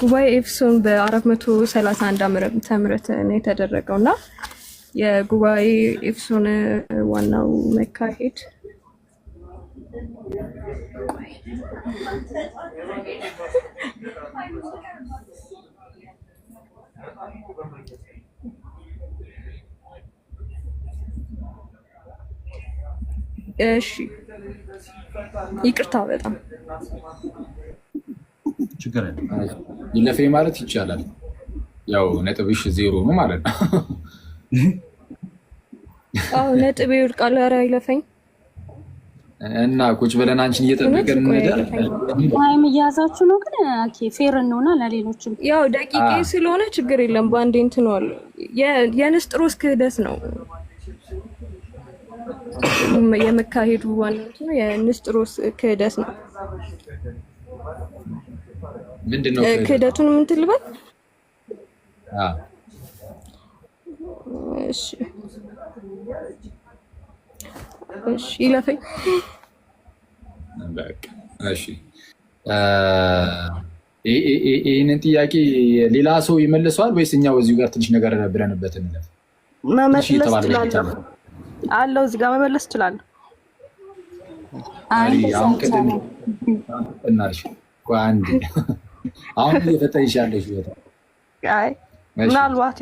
ጉባኤ ኤፍሶን በ431 ዓመተ ምህረት ነው የተደረገው እና የጉባኤ ኤፍሶን ዋናው መካሄድ እሺ ይቅርታ በጣም ችግር ይለፌ ማለት ይቻላል። ያው ነጥብሽ ዜሮ ነው ማለት ነው። አዎ ነጥብ ይወድቃል። ኧረ ይለፈኝ እና ቁጭ ብለን አንቺን እየጠበቀን እንደር ታይም እያያዛችሁ ነው። ግን ኦኬ ፌር እንሆና ለሌሎችም ያው ደቂቄ ስለሆነ ችግር የለም። በአንዴ እንትን ዋለ የንስጥሮስ ክህደት ነው የመካሄዱ ዋና የንስጥሮስ ክህደት ነው። ክህደቱን ምን ትልበል? ይለፈኝ። ይህንን ጥያቄ ሌላ ሰው ይመልሰዋል ወይስ እኛው እዚሁ ጋር ትንሽ ነገር ብለንበት እንለፍ? መመለስ እችላለሁ አለው። እዚህ ጋር መመለስ እችላለሁ። አንድ አሁን እየፈጠንሽ ያለሽ ቦታ ምናልባት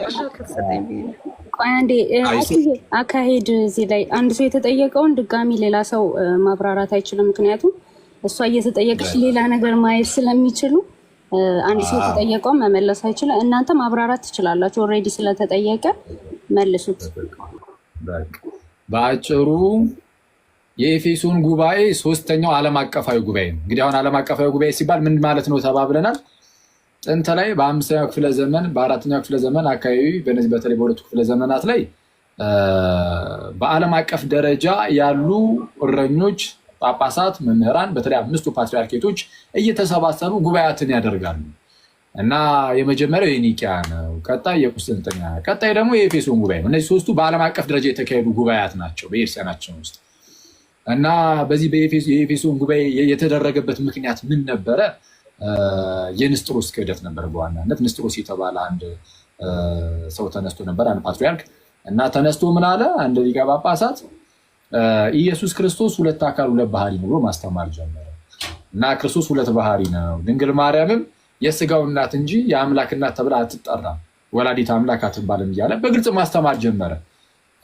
አካሄድ እዚህ ላይ አንድ ሰው የተጠየቀውን ድጋሚ ሌላ ሰው ማብራራት አይችልም። ምክንያቱም እሷ እየተጠየቀች ሌላ ነገር ማየት ስለሚችሉ አንድ ሰው የተጠየቀውን መመለስ አይችልም። እናንተ ማብራራት ትችላላችሁ። ኦልሬዲ ስለተጠየቀ መልሱት በአጭሩ የኤፌሶን ጉባኤ ሶስተኛው ዓለም አቀፋዊ ጉባኤ ነው። እንግዲህ አሁን ዓለም አቀፋዊ ጉባኤ ሲባል ምን ማለት ነው ተባብለናል። ጥንት ላይ በአምስተኛው ክፍለ ዘመን በአራተኛው ክፍለ ዘመን አካባቢ በነዚህ በተለይ በሁለቱ ክፍለ ዘመናት ላይ በዓለም አቀፍ ደረጃ ያሉ እረኞች፣ ጳጳሳት፣ መምህራን በተለይ አምስቱ ፓትሪያርኬቶች እየተሰባሰቡ ጉባኤያትን ያደርጋሉ እና የመጀመሪያው የኒቅያ ነው። ቀጣይ የቁስጥንጥንያ፣ ቀጣይ ደግሞ የኤፌሶን ጉባኤ ነው። እነዚህ ሶስቱ በዓለም አቀፍ ደረጃ የተካሄዱ ጉባኤያት ናቸው በኤርስያናችን ውስጥ እና በዚህ የኤፌሶን ጉባኤ የተደረገበት ምክንያት ምን ነበረ? የንስጥሮስ ክህደት ነበር። በዋናነት ንስጥሮስ የተባለ አንድ ሰው ተነስቶ ነበር፣ አንድ ፓትሪያርክ እና ተነስቶ ምን አለ? አንድ ሊቀ ጳጳሳት ኢየሱስ ክርስቶስ ሁለት አካል ሁለት ባህሪ ነው ብሎ ማስተማር ጀመረ። እና ክርስቶስ ሁለት ባህሪ ነው፣ ድንግል ማርያምም የስጋው እናት እንጂ የአምላክ እናት ተብላ አትጠራም፣ ወላዲት አምላክ አትባልም እያለ በግልጽ ማስተማር ጀመረ።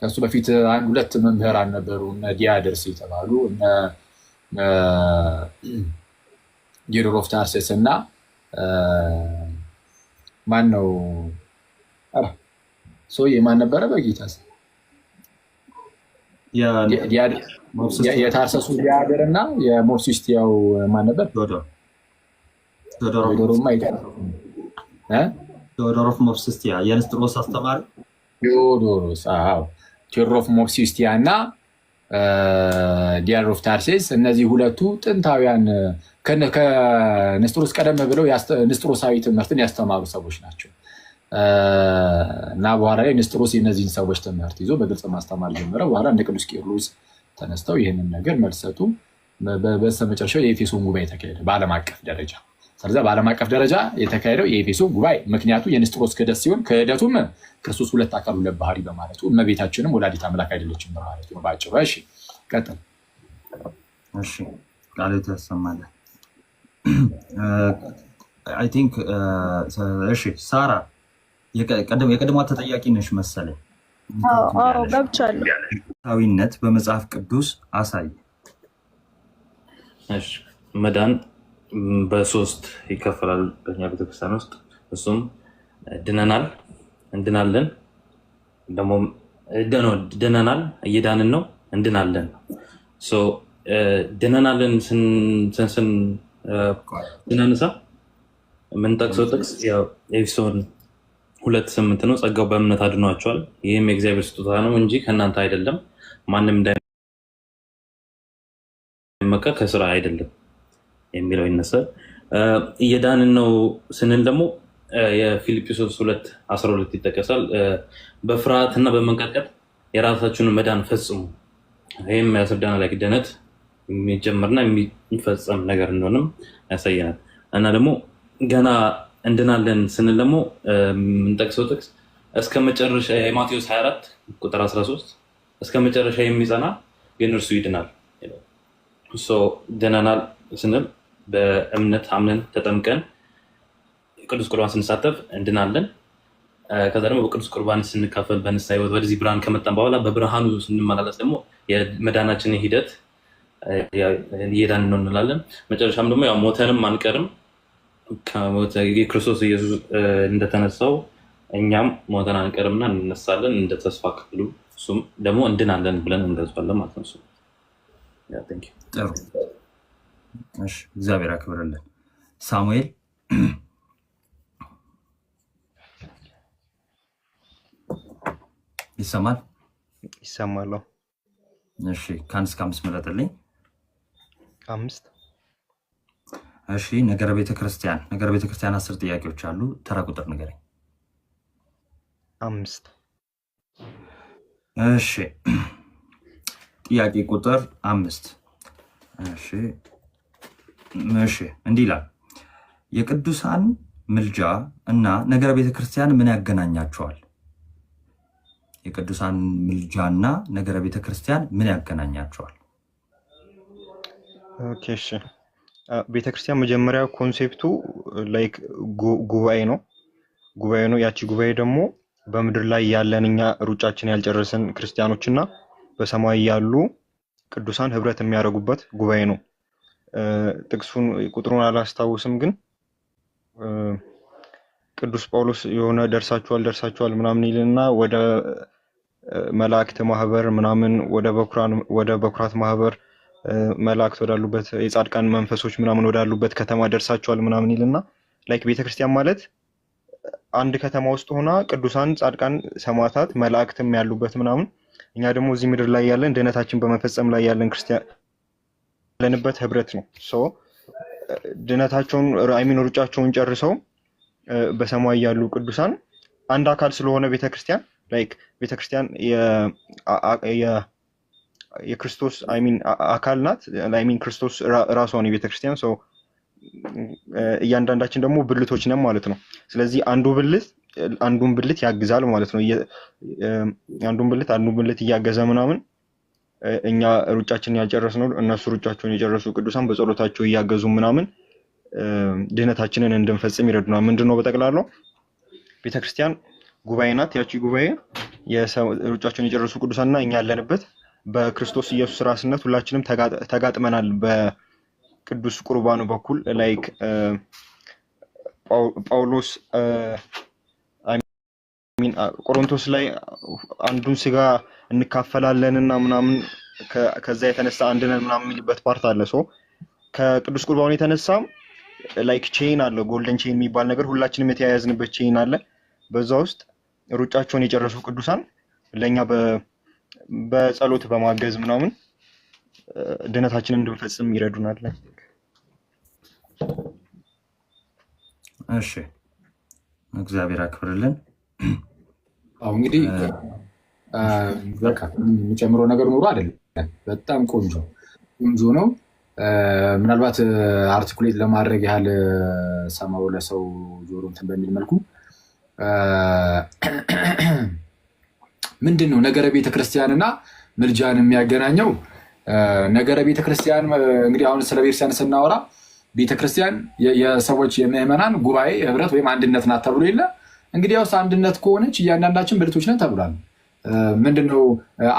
ከእሱ በፊት አንድ ሁለት መምህራን ነበሩ፣ እነ ዲያደርስ የተባሉ እነ ታርሴስ እና ማን ነው ሰውዬ? ማን ነበረ? በጌታ የታርሰሱ ዲያደር እና ያው ማን ነበር? ዶዶሮማ ይጠራል። ዶዶሮፍ ሞርሲስቲያ የንስጥሮስ አስተማሪ ዶዶሮስ ኦፍ ሞፕሲስቲያ እና ኦፍ ታርሴስ እነዚህ ሁለቱ ጥንታውያን ከንስጥሮስ ቀደም ብለው ንስጥሮሳዊ ትምህርትን ያስተማሩ ሰዎች ናቸው እና በኋላ ላይ ንስጥሮስ የእነዚህን ሰዎች ትምህርት ይዞ በግልጽ ማስተማር ጀመረ። በኋላ እንደ ቅዱስ ቄርሎስ ተነስተው ይህንን ነገር መልሰቱ በስተመጨረሻው የኤፌሶን ጉባኤ ተካሄደ በዓለም አቀፍ ደረጃ። ስለዚ በዓለም አቀፍ ደረጃ የተካሄደው የኤፌሶ ጉባኤ ምክንያቱ የንስጥሮስ ክህደት ሲሆን ክህደቱም ክርስቶስ ሁለት አካል ሁለት ባህሪ በማለቱ እመቤታችንም ወላዲት አምላክ አይደለችም በማለቱ ነው በአጭሩ። እሺ ቀጥል። እሺ ቃሌቱ ተሰማለ። አይ ቲንክ እሺ፣ ሳራ የቀድሞ ተጠያቂ ነሽ መሰለኝ። ገብቻለሁ። በመጽሐፍ ቅዱስ አሳይ መዳን በሶስት ይከፈላል በኛ ቤተክርስቲያን ውስጥ። እሱም ድነናል፣ እንድናለን፣ ደግሞ ድነናል፣ እየዳንን ነው፣ እንድናለን ድነናልን ስንስን ስናነሳ የምንጠቅሰው ጥቅስ ኤፌሶን ሁለት ስምንት ነው። ጸጋው በእምነት አድኗቸዋል፣ ይህም የእግዚአብሔር ስጦታ ነው እንጂ ከእናንተ አይደለም፣ ማንም እንዳይመካ ከስራ አይደለም። የሚለው ይነሳል። እየዳንን ነው ስንል ደግሞ የፊልጵሶስ ሁለት አስራ ሁለት ይጠቀሳል። በፍርሃትና በመንቀጥቀጥ የራሳችሁን መዳን ፈጽሙ። ይህም ያስርዳና ላይ ክደነት የሚጀምርና የሚፈጸም ነገር እንደሆነም ያሳየናል። እና ደግሞ ገና እንድናለን ስንል ደግሞ የምንጠቅሰው ጥቅስ እስከ መጨረሻ የማቴዎስ 24 ቁጥር 13 እስከ መጨረሻ የሚጸና ግን እርሱ ይድናል። ድነናል ስንል በእምነት አምነን ተጠምቀን ቅዱስ ቁርባን ስንሳተፍ እንድናለን። ከዛ ደግሞ በቅዱስ ቁርባን ስንካፈል በንስሐ ሕይወት ወደዚህ ብርሃን ከመጣን በኋላ በብርሃኑ ስንመላለስ ደግሞ የመዳናችንን ሂደት እየዳን ነው እንላለን። መጨረሻም ደግሞ ያው ሞተንም አንቀርም። የክርስቶስ ኢየሱስ እንደተነሳው እኛም ሞተን አንቀርምና እንነሳለን። እንደ ተስፋ ክፍሉ እሱም ደግሞ እንድናለን ብለን እንገልጿለን ማለት ነው። እሺ፣ እግዚአብሔር ያክብርልን። ሳሙኤል ይሰማል ይሰማለሁ። እሺ ከአንድ እስከ አምስት ምረጥልኝ። አምስት እሺ። ነገረ ቤተክርስቲያን። ነገረ ቤተክርስቲያን አስር ጥያቄዎች አሉ። ተራ ቁጥር ንገረኝ። አምስት እሺ። ጥያቄ ቁጥር አምስት እሺ እሺ እንዲህ ይላል የቅዱሳን ምልጃ እና ነገረ ቤተ ክርስቲያን ምን ያገናኛቸዋል? የቅዱሳን ምልጃና ነገረ ቤተ ክርስቲያን ምን ያገናኛቸዋል? ቤተ ክርስቲያን መጀመሪያ ኮንሴፕቱ ላይክ ጉባኤ ነው ጉባኤ ነው። ያቺ ጉባኤ ደግሞ በምድር ላይ ያለን እኛ ሩጫችን ያልጨረስን እና በሰማይ ያሉ ቅዱሳን ህብረት የሚያደርጉበት ጉባኤ ነው። ጥቅሱን ቁጥሩን አላስታውስም፣ ግን ቅዱስ ጳውሎስ የሆነ ደርሳችኋል ደርሳችኋል ምናምን ይልና ወደ መላእክት ማህበር ምናምን ወደ በኩራት ማህበር መላእክት ወዳሉበት የጻድቃን መንፈሶች ምናምን ወዳሉበት ከተማ ደርሳችኋል ምናምን ይልና ላይክ ቤተክርስቲያን ማለት አንድ ከተማ ውስጥ ሆና ቅዱሳን፣ ጻድቃን፣ ሰማዕታት መላእክትም ያሉበት ምናምን እኛ ደግሞ እዚህ ምድር ላይ ያለን ድህነታችን በመፈጸም ላይ ያለን ክርስቲያን ያለንበት ህብረት ነው። ድነታቸውን አይሚን ሩጫቸውን ጨርሰው በሰማይ ያሉ ቅዱሳን አንድ አካል ስለሆነ ቤተክርስቲያን ላይክ ቤተክርስቲያን የክርስቶስ አይሚን አካል ናት። አይሚን ክርስቶስ ራሷ ነው የቤተክርስቲያን ሰው። እያንዳንዳችን ደግሞ ብልቶች ነን ማለት ነው። ስለዚህ አንዱ ብልት አንዱን ብልት ያግዛል ማለት ነው። አንዱን ብልት አንዱን ብልት እያገዘ ምናምን እኛ ሩጫችን ያልጨረስነው እነሱ ሩጫቸውን የጨረሱ ቅዱሳን በጸሎታቸው እያገዙ ምናምን ድህነታችንን እንድንፈጽም ይረዱናል። ምንድን ነው በጠቅላላው ቤተክርስቲያን ጉባኤ ናት። ያቺ ጉባኤ ሩጫቸውን የጨረሱ ቅዱሳን ና እኛ ያለንበት በክርስቶስ ኢየሱስ ራስነት ሁላችንም ተጋጥመናል። በቅዱስ ቁርባኑ በኩል ላይክ ጳውሎስ አሚን ቆሮንቶስ ላይ አንዱን ስጋ እንካፈላለን እና ምናምን ከዛ የተነሳ አንድነን ምናምን የሚልበት ፓርት አለ። ሶ ከቅዱስ ቁርባን የተነሳ ላይክ ቼን አለ፣ ጎልደን ቼን የሚባል ነገር ሁላችንም የተያያዝንበት ቼን አለ። በዛ ውስጥ ሩጫቸውን የጨረሱ ቅዱሳን ለእኛ በጸሎት በማገዝ ምናምን ድነታችንን እንድንፈጽም ይረዱናል። እሺ እግዚአብሔር አክብርልን። አሁ እንግዲህ የሚጨምረው ነገር ኑሮ አይደለም። በጣም ቆንጆ ቆንጆ ነው። ምናልባት አርቲኩሌት ለማድረግ ያህል ሰማው ለሰው ጆሮ እንትን በሚል መልኩ ምንድን ነው ነገረ ቤተክርስቲያን እና ምልጃን የሚያገናኘው ነገረ ቤተክርስቲያን እንግዲህ አሁን ስለ ቤተክርስቲያን ስናወራ ቤተክርስቲያን የሰዎች የምዕመናን ጉባኤ ህብረት ወይም አንድነት ናት ተብሎ የለ እንግዲያውስ አንድነት ከሆነች እያንዳንዳችን ብልቶች ነን ተብሏል። ምንድነው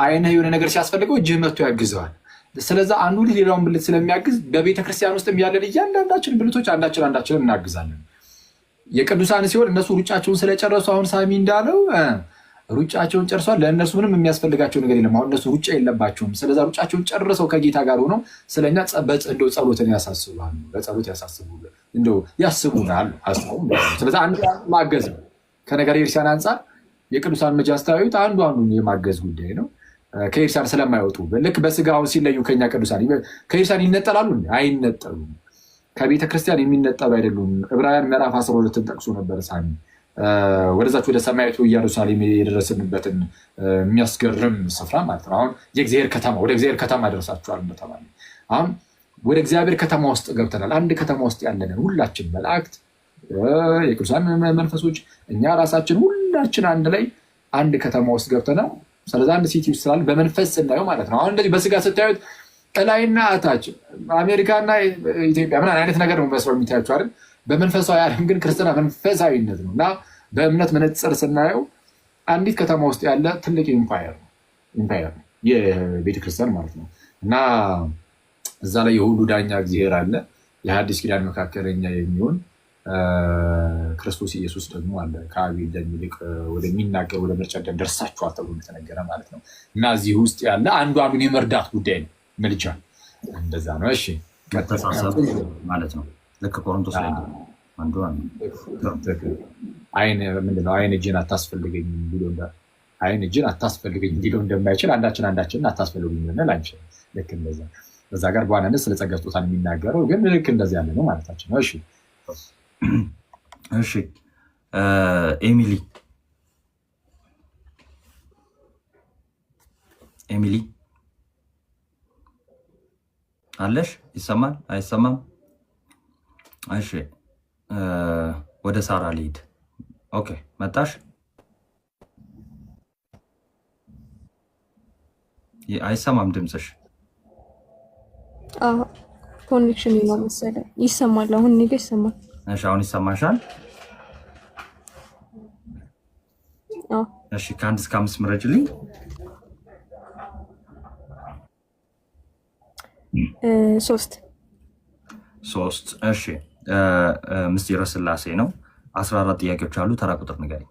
አይንህ የሆነ ነገር ሲያስፈልገው እጅህ መጥቶ ያግዘዋል። ስለዛ አንዱ ልጅ ሌላውን ብልት ስለሚያግዝ በቤተ ክርስቲያን ውስጥ ያለን እያንዳንዳችን ብልቶች አንዳችን አንዳችንን እናግዛለን። የቅዱሳን ሲሆን እነሱ ሩጫቸውን ስለጨረሱ አሁን ሳሚ እንዳለው ሩጫቸውን ጨርሷል። ለእነሱ ምንም የሚያስፈልጋቸው ነገር የለም። አሁን እነሱ ሩጫ የለባቸውም። ስለዛ ሩጫቸውን ጨርሰው ከጌታ ጋር ሆነው ስለኛ እንደ ጸሎትን ያሳስባሉ። በጸሎት ያሳስቡ እንደ ያስቡናል። ስለዚ አንዱ ማገዝ ነው። ከነገር ኤርሲያን አንጻር የቅዱሳን መጃ አስተያዩት አንዱ አንዱ የማገዝ ጉዳይ ነው። ከኤርሲያን ስለማይወጡ ልክ በስጋ አሁን ሲለዩ ከኛ ቅዱሳን ከኤርሲያን ይነጠላሉ፣ አይነጠሉም። ከቤተ ክርስቲያን የሚነጠሉ አይደሉም። ዕብራውያን ምዕራፍ አስራ ሁለትን ጠቅሶ ነበር ሳሚ ወደዛች ወደ ሰማያዊቱ ኢየሩሳሌም የደረስንበትን የሚያስገርም ስፍራ ማለት ነው። አሁን የእግዚአብሔር ከተማ ወደ እግዚአብሔር ከተማ ደርሳችኋል እንደተባለ አሁን ወደ እግዚአብሔር ከተማ ውስጥ ገብተናል። አንድ ከተማ ውስጥ ያለንን ሁላችን መላእክት የቅዱሳን መንፈሶች እኛ ራሳችን ሁላችን አንድ ላይ አንድ ከተማ ውስጥ ገብተ ነው። ስለዚ አንድ ሲቲ ውስጥ ስላለ በመንፈስ ስናየው ማለት ነው። አሁን እንደዚህ በስጋ ስታዩት እላይና እታች አሜሪካና ኢትዮጵያ ምን አይነት ነገር ነው መስለው የሚታያቸው አይደል? በመንፈሳዊ ዓለም ግን ክርስትና መንፈሳዊነት ነው እና በእምነት መነፅር ስናየው አንዲት ከተማ ውስጥ ያለ ትልቅ ኢምፓየር ኢምፓየር ነው የቤተክርስቲያን ማለት ነው እና እዛ ላይ የሁሉ ዳኛ እግዚአብሔር አለ የሐዲስ ኪዳን መካከለኛ የሚሆን ክርስቶስ ኢየሱስ ደግሞ አለ ከአብ እንደሚልቅ ወደሚናገር ወደ ምርጫ ደርሳችኋል ተብሎ እንደተነገረ ማለት ነው። እና እዚህ ውስጥ ያለ አንዱ አብን የመርዳት ጉዳይ ነው። ምልጃ እንደዛ ነው። እሺ መተሳሰብ ማለት ነው። ልክ ቆሮንቶስ ላይ አንዱ አይን ምንድነው አይን እጅን አታስፈልገኝ ቢሎ አይን እጅን አታስፈልገኝ ቢሎ እንደማይችል አንዳችን አንዳችን አታስፈልጉኝ ልንል አንችል። ልክ እንደዛ በዛ ጋር በዋናነት ስለ ጸጋ ስጦታን የሚናገረው ግን ልክ እንደዚህ ያለ ነው ማለታችን ነው። እሺ እሺ ኤሚሊ ኤሚሊ አለሽ? ይሰማል አይሰማም? እሺ ወደ ሳራ ልሂድ። ኦኬ መጣሽ? አይሰማም ድምፅሽ። ኮንቬክሽን ነው መሰለኝ። ይሰማል አሁን ኔጋ ይሰማል። እሺ አሁን ይሰማሻል? እሺ ከአንድ እስከ አምስት ምረጭልኝ። ሶስት ሶስት። እሺ ምስጢረ ስላሴ ነው። አስራ አራት ጥያቄዎች አሉ። ተራ ቁጥር ንገሪ።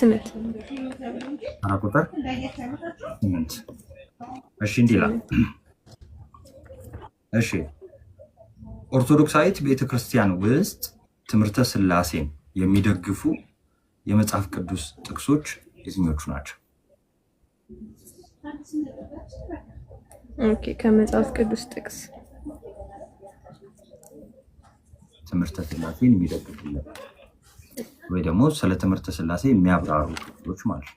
ስምንት ተራ ቁጥር ስምንት። እሺ እንዲህ ይላል እሺ ኦርቶዶክሳዊት ቤተክርስቲያን ውስጥ ትምህርተ ስላሴን የሚደግፉ የመጽሐፍ ቅዱስ ጥቅሶች የትኞቹ ናቸው? ከመጽሐፍ ቅዱስ ጥቅስ ትምህርተ ስላሴን የሚደግፉ ወይ ደግሞ ስለ ትምህርተ ስላሴ የሚያብራሩ ጥቅሶች ማለት ነው።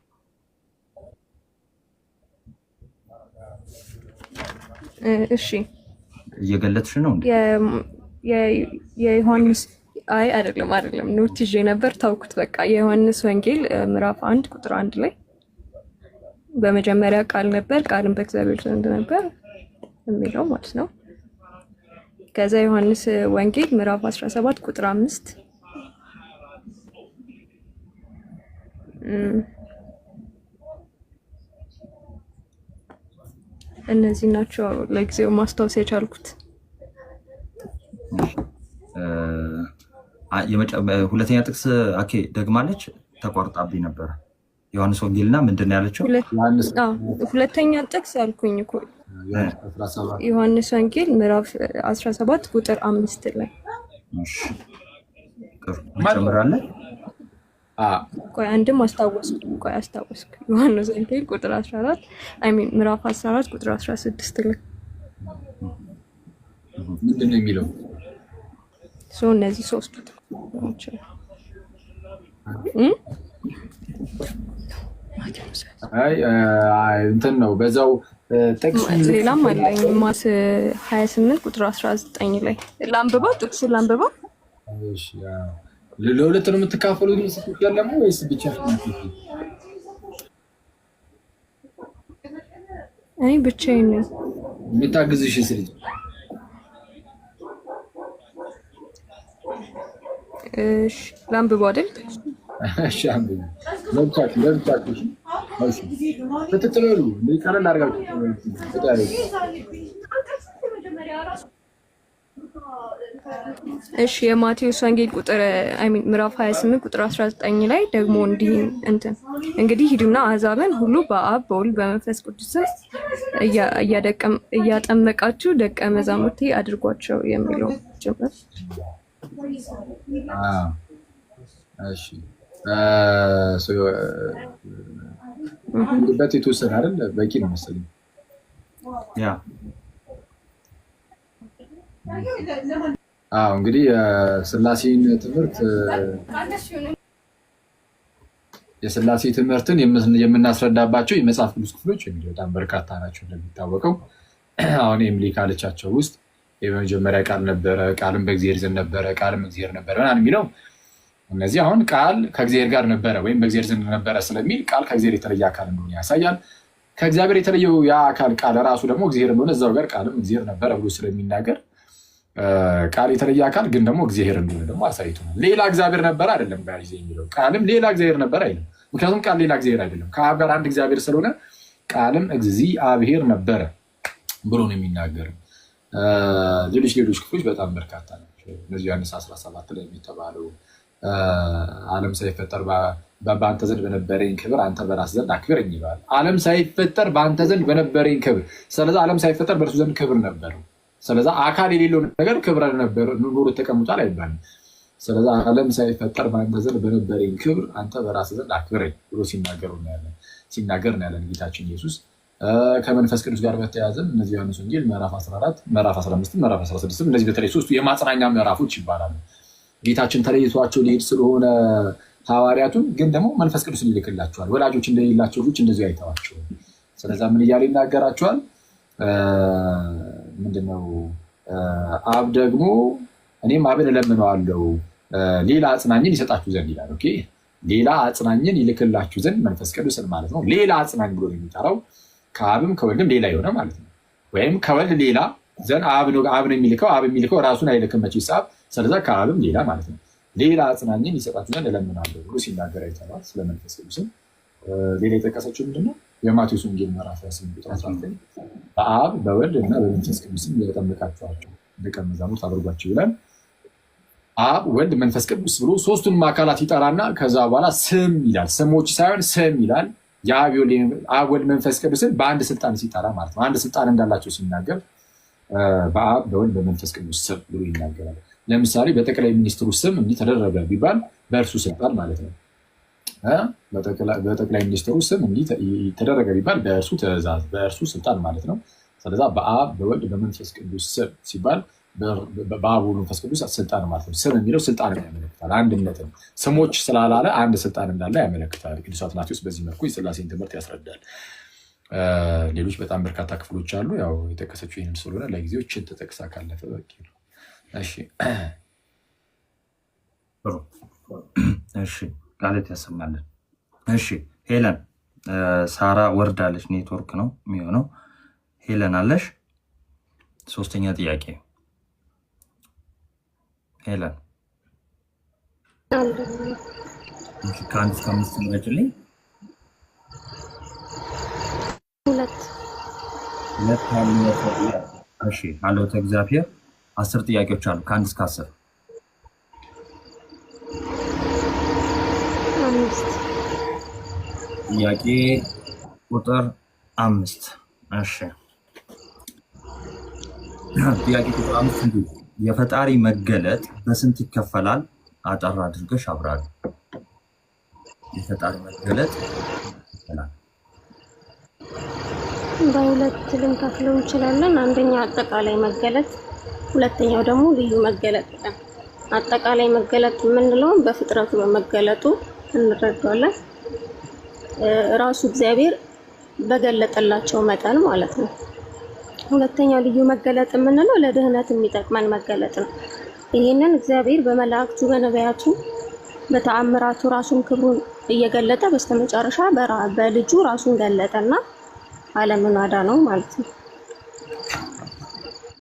እሺ እየገለጥሽ ነው የዮሐንስ አይ አይደለም አይደለም፣ ኖት ይዤ ነበር ታውኩት። በቃ የዮሐንስ ወንጌል ምዕራፍ አንድ ቁጥር አንድ ላይ በመጀመሪያ ቃል ነበር፣ ቃልም በእግዚአብሔር ዘንድ ነበር የሚለው ማለት ነው። ከዛ ዮሐንስ ወንጌል ምዕራፍ 17 ቁጥር አምስት እነዚህ ናቸው ለጊዜው ማስታወስ የቻልኩት። ሁለተኛ ጥቅስ አኬ ደግማለች፣ ተቋርጣብኝ ነበረ። ዮሐንስ ወንጌልና ምንድን ነው ያለችው? ሁለተኛ ጥቅስ አልኩኝ እኮ ዮሐንስ ወንጌል ምዕራፍ 17 ቁጥር አምስት ላይ ጨምራለን። ቆይ አንድም አስታወስኩ። ቆይ አስታወስኩ። ዮሐንስ ወንጌል ቁጥር 14 አይ ሚን ምዕራፍ 14 ቁጥር 16 ላይ ምንድን ነው የሚለው? ሶ እነዚህ ሶስቱ ናቸው። አይ እንትን ነው በዛው ጥቅስ ሌላም አለኝ ማስ 28 ቁጥር 19 ላይ ላንብባ፣ ጥቅስ ላንብባ። እሺ ለሁለት ነው የምትካፈሉት? ያለሙ ወይስ ብቻ? እኔ ብቻዬን ነው የምታግዝሽ ስል እሺ፣ ላንብበው አይደል? እሺ፣ አንብበው። ለብቻችሁ ለብቻችሁ እሺ፣ ስትጥለሉ ቀለል አድርጋችሁ እሺ የማቴዎስ ወንጌል ቁጥር አይ ሚን ምዕራፍ 28 ቁጥር 19 ላይ ደግሞ እንዲህ እንትን እንግዲህ ሂዱና አሕዛብን ሁሉ በአብ በወልድ በመንፈስ ቅዱስ እያጠመቃችሁ እያጠመቃችሁ ደቀ መዛሙርቴ አድርጓቸው የሚለው ጀምር። እሺ እ በቲቱስ አይደል በቂ ነው መሰለኝ ያ አዎ እንግዲህ የስላሴን ትምህርት የስላሴ ትምህርትን የምናስረዳባቸው የመጽሐፍ ቅዱስ ክፍሎች እንግዲህ በጣም በርካታ ናቸው። እንደሚታወቀው አሁን ኤሚሊ ካለቻቸው ውስጥ የመጀመሪያ ቃል ነበረ፣ ቃልም በእግዚአብሔር ዘንድ ነበረ፣ ቃልም እግዚአብሔር ነበረ የሚለው እነዚህ አሁን ቃል ከእግዚአብሔር ጋር ነበረ ወይም በእግዚአብሔር ዘንድ ነበረ ስለሚል ቃል ከእግዚአብሔር የተለየ አካል እንደሆነ ያሳያል። ከእግዚአብሔር የተለየው ያ አካል ቃል ራሱ ደግሞ እግዚአብሔር እንደሆነ እዛው ጋር ቃልም እግዚአብሔር ነበረ ብሎ ስለሚናገር ቃል የተለየ አካል ግን ደግሞ እግዚአብሔር እንደሆነ ደግሞ አሳይቶ ሌላ እግዚአብሔር ነበር አይደለም ጋር የሚለው ቃልም ሌላ እግዚአብሔር ነበር አይደለም። ምክንያቱም ቃል ሌላ እግዚአብሔር አይደለም፣ ከአብ ጋር አንድ እግዚአብሔር ስለሆነ ቃልም እግዚአብሔር ነበረ ብሎ ነው የሚናገር። ሌሎች ሌሎች ክፍሎች በጣም በርካታ ናቸው። እነዚህ ዮሐንስ 17 ላይ የሚተባለው ዓለም ሳይፈጠር በአንተ ዘንድ በነበረኝ ክብር አንተ በራስ ዘንድ አክብረኝ ይባል። ዓለም ሳይፈጠር በአንተ ዘንድ በነበረኝ ክብር። ስለዚህ ዓለም ሳይፈጠር በእርሱ ዘንድ ክብር ነበረው። ስለዛ አካል የሌለው ነገር ክብረ ነበር ኑሮ ተቀምጧል አይባልም። ስለዚ ዓለም ሳይፈጠር በአንተ ዘንድ በነበረኝ ክብር አንተ በራስ ዘንድ አክብረኝ ብሎ ሲናገር እናያለን ሲናገር ጌታችን ኢየሱስ። ከመንፈስ ቅዱስ ጋር በተያያዘም እነዚህ ዮሐንስ ወንጌል ምዕራፍ 14፣ ምዕራፍ 15፣ ምዕራፍ 16 እነዚህ በተለይ ሶስቱ የማጽናኛ ምዕራፎች ይባላሉ። ጌታችን ተለይቷቸው ሊሄድ ስለሆነ ሐዋርያቱን ግን ደግሞ መንፈስ ቅዱስን ይልክላቸዋል። ወላጆች እንደሌላቸው ልጆች እንደዚህ አይተዋቸውም። ስለዛ ምን እያለ ይናገራቸዋል? ምንድነው አብ ደግሞ እኔም አብን እለምነዋለሁ ሌላ አጽናኝን ይሰጣችሁ ዘንድ ይላል። ኦኬ ሌላ አጽናኝን ይልክላችሁ ዘንድ መንፈስ ቅዱስን ማለት ነው። ሌላ አጽናኝ ብሎ የሚጠራው ከአብም ከወልድም ሌላ የሆነ ማለት ነው። ወይም ከወልድ ሌላ ዘን አብ ነው የሚልከው አብ የሚልከው ራሱን አይልክም መቼስ ሳብ። ስለዛ ከአብም ሌላ ማለት ነው። ሌላ አጽናኝን ይሰጣችሁ ዘንድ እለምናለሁ ብሎ ሲናገር አይተናል። ስለ መንፈስ ቅዱስም ሌላ የጠቀሰችው ምንድነው? የማቴዎስ ወንጌል ምዕራፍ 28 ቁጥር በአብ በወልድ እና በመንፈስ ቅዱስም ያጠመቃችኋቸው ደቀ መዛሙርት አድርጓቸው ይላል። አብ ወልድ፣ መንፈስ ቅዱስ ብሎ ሶስቱንም አካላት ይጠራና ከዛ በኋላ ስም ይላል። ስሞች ሳይሆን ስም ይላል። የአብ ወልድ፣ መንፈስ ቅዱስን በአንድ ስልጣን ሲጠራ ማለት ነው። አንድ ስልጣን እንዳላቸው ሲናገር በአብ በወልድ በመንፈስ ቅዱስ ስም ብሎ ይናገራል። ለምሳሌ በጠቅላይ ሚኒስትሩ ስም እንዲህ ተደረገ ቢባል በእርሱ ስልጣን ማለት ነው። በጠቅላይ ሚኒስትሩ ስም እንዲህ ተደረገ ቢባል በእርሱ ትእዛዝ በእርሱ ስልጣን ማለት ነው። ስለዛ በአብ በወልድ በመንፈስ ቅዱስ ስም ሲባል በአብ ወልድ መንፈስ ቅዱስ ስልጣን ማለት ነው። ስም የሚለው ስልጣን ያመለክታል፣ ነው። ስሞች ስላላለ አንድ ስልጣን እንዳለ ያመለክታል። ቅዱስ አትናቴዎስ በዚህ መልኩ የስላሴን ትምህርት ያስረዳል። ሌሎች በጣም በርካታ ክፍሎች አሉ። ያው የጠቀሰችው ይህን ስለሆነ ለጊዜው ችን ተጠቅሳ ካለፈ በቂ ነው። እሺ እሺ ማለት ያሰማለን። እሺ ሄለን ሳራ ወርዳለች። ኔትወርክ ነው የሚሆነው። ሄለን አለሽ? ሶስተኛ ጥያቄ ሄለን ከአንድ እስከ አምስት ምረጭልኝ። ሁለት ሀሎተ እግዚአብሔር አስር ጥያቄዎች አሉ ከአንድ እስከ አስር ጥያቄ ቁጥር አምስት እሺ ጥያቄ ቁጥር አምስት እንዲህ የፈጣሪ መገለጥ በስንት ይከፈላል? አጠር አድርገሽ አብራሪ። የፈጣሪ መገለጥ ይከፈላል በሁለት ልንከፍለው እንችላለን። አንደኛ አጠቃላይ መገለጥ፣ ሁለተኛው ደግሞ ልዩ መገለጥ። አጠቃላይ መገለጥ የምንለውን በፍጥረቱ በመገለጡ እንረዳዋለን። ራሱ እግዚአብሔር በገለጠላቸው መጠን ማለት ነው። ሁለተኛ ልዩ መገለጥ የምንለው ለድህነት የሚጠቅመን መገለጥ ነው። ይህንን እግዚአብሔር በመላእክቱ በነቢያቱ በተአምራቱ ራሱን ክብሩን እየገለጠ በስተመጨረሻ በልጁ ራሱን ገለጠና ዓለምን አዳነው ማለት ነው።